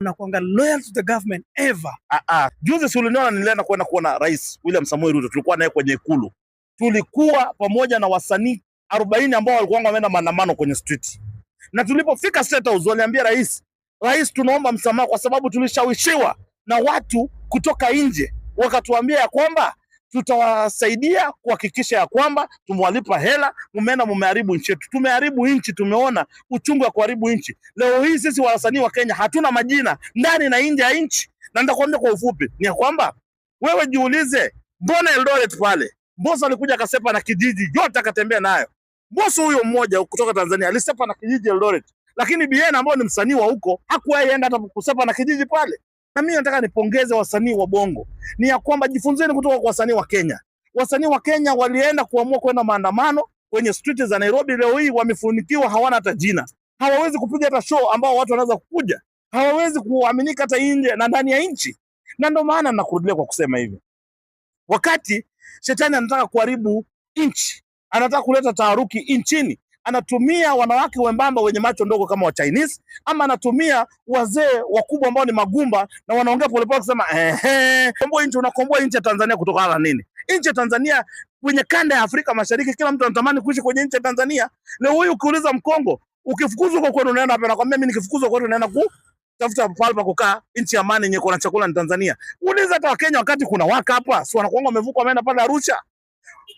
nakuanga loyal to the government ever. Ah, ah. Juzi si uliniona nilienda kuenda kuona Rais William Samoei Ruto, tulikuwa naye kwenye Ikulu, tulikuwa pamoja na wasanii arobaini ambao walikuwa wameenda maandamano kwenye street, na tulipofika State House waliambia rais, rais, tunaomba msamaha kwa sababu tulishawishiwa na watu kutoka nje, wakatuambia ya kwamba tutawasaidia kuhakikisha ya kwamba tumewalipa hela. Mumeenda mumeharibu nchi yetu, tumeharibu nchi, tumeona uchungu wa kuharibu nchi. Leo hii sisi wasanii wa Kenya hatuna majina ndani na nje ya nchi, na nitakwambia kwa ufupi ni kwamba wewe jiulize, mbona Eldoret pale Mbosso alikuja akasepa na kijiji yote akatembea nayo. Mbosso huyo mmoja kutoka Tanzania alisepa na kijiji Eldoret, lakini Bien ambaye ni msanii wa huko hakuwahi enda hata kusepa na kijiji pale na mimi nataka nipongeze wasanii wa Bongo ni ya kwamba jifunzeni kutoka kwa wasanii wa Kenya. Wasanii wa Kenya walienda kuamua kwenda maandamano kwenye street za Nairobi. Leo hii wamefunikiwa, hawana hata jina, hawawezi kupiga hata show ambao watu wanaweza kukuja, hawawezi kuaminika hata nje na ndani ya nchi. Na ndio maana nakurudia kwa kusema hivyo, wakati shetani anataka kuharibu nchi, anataka kuleta taharuki nchini, anatumia wanawake wembamba wenye macho ndogo kama wa Chinese, ama anatumia wazee wakubwa ambao ni magumba na wanaongea polepole kusema ehe, komboa nchi, unakomboa nchi ya Tanzania kutokana na nini? Nchi ya Tanzania kwenye kanda ya Afrika Mashariki, kila mtu anatamani kuishi kwenye nchi ya Tanzania. Leo huyu ukiuliza Mkongo, ukifukuzwa kwa kwenu unaenda hapa, nakwambia mimi nikifukuzwa kwa kwenu naenda ku tafuta pale pa kukaa, nchi ya amani yenye kuna chakula ni Tanzania. Uliza hata Wakenya wakati kuna waka hapa, si wanakuanga wamevuka wameenda pale Arusha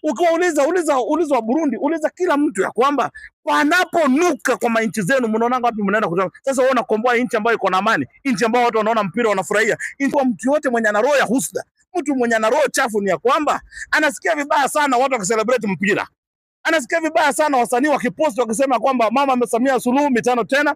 ukiwauliza uliza uliza wa Burundi, uliza kila mtu ya kwamba panaponuka kwa manchi zenu mnaona wapi mnaenda kutoka. Sasa wewe unakomboa nchi ambayo iko na amani, nchi ambayo watu wanaona mpira wanafurahia. wa mtu yote mwenye ana roho ya husda, mtu mwenye ana roho chafu ni ya kwamba anasikia vibaya sana watu wakiselebrate mpira anasikia vibaya sana wasanii wakiposti wakisema kwamba mama amesamia Suluhu mitano tena,